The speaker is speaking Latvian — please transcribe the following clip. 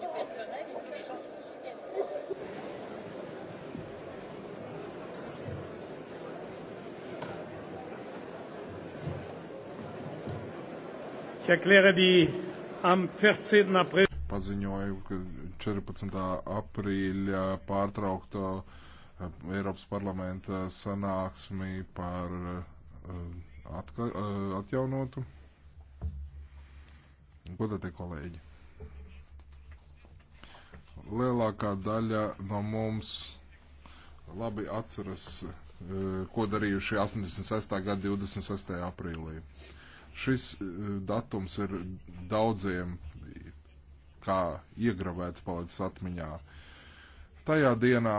du personnel et puis des gens qui nous soutiennent. Ich erkläre die am 14. April paziņoja, ka 14. aprīļa pārtraukto eh, Eiropas parlamenta sanāksmi par eh, atka, eh, atjaunotu. Godātie kolēģi! lielākā daļa no mums labi atceras, e, ko darījuši 86. gada 26. aprīlī. Šis e, datums ir daudziem kā iegravēts palicis atmiņā. Tajā dienā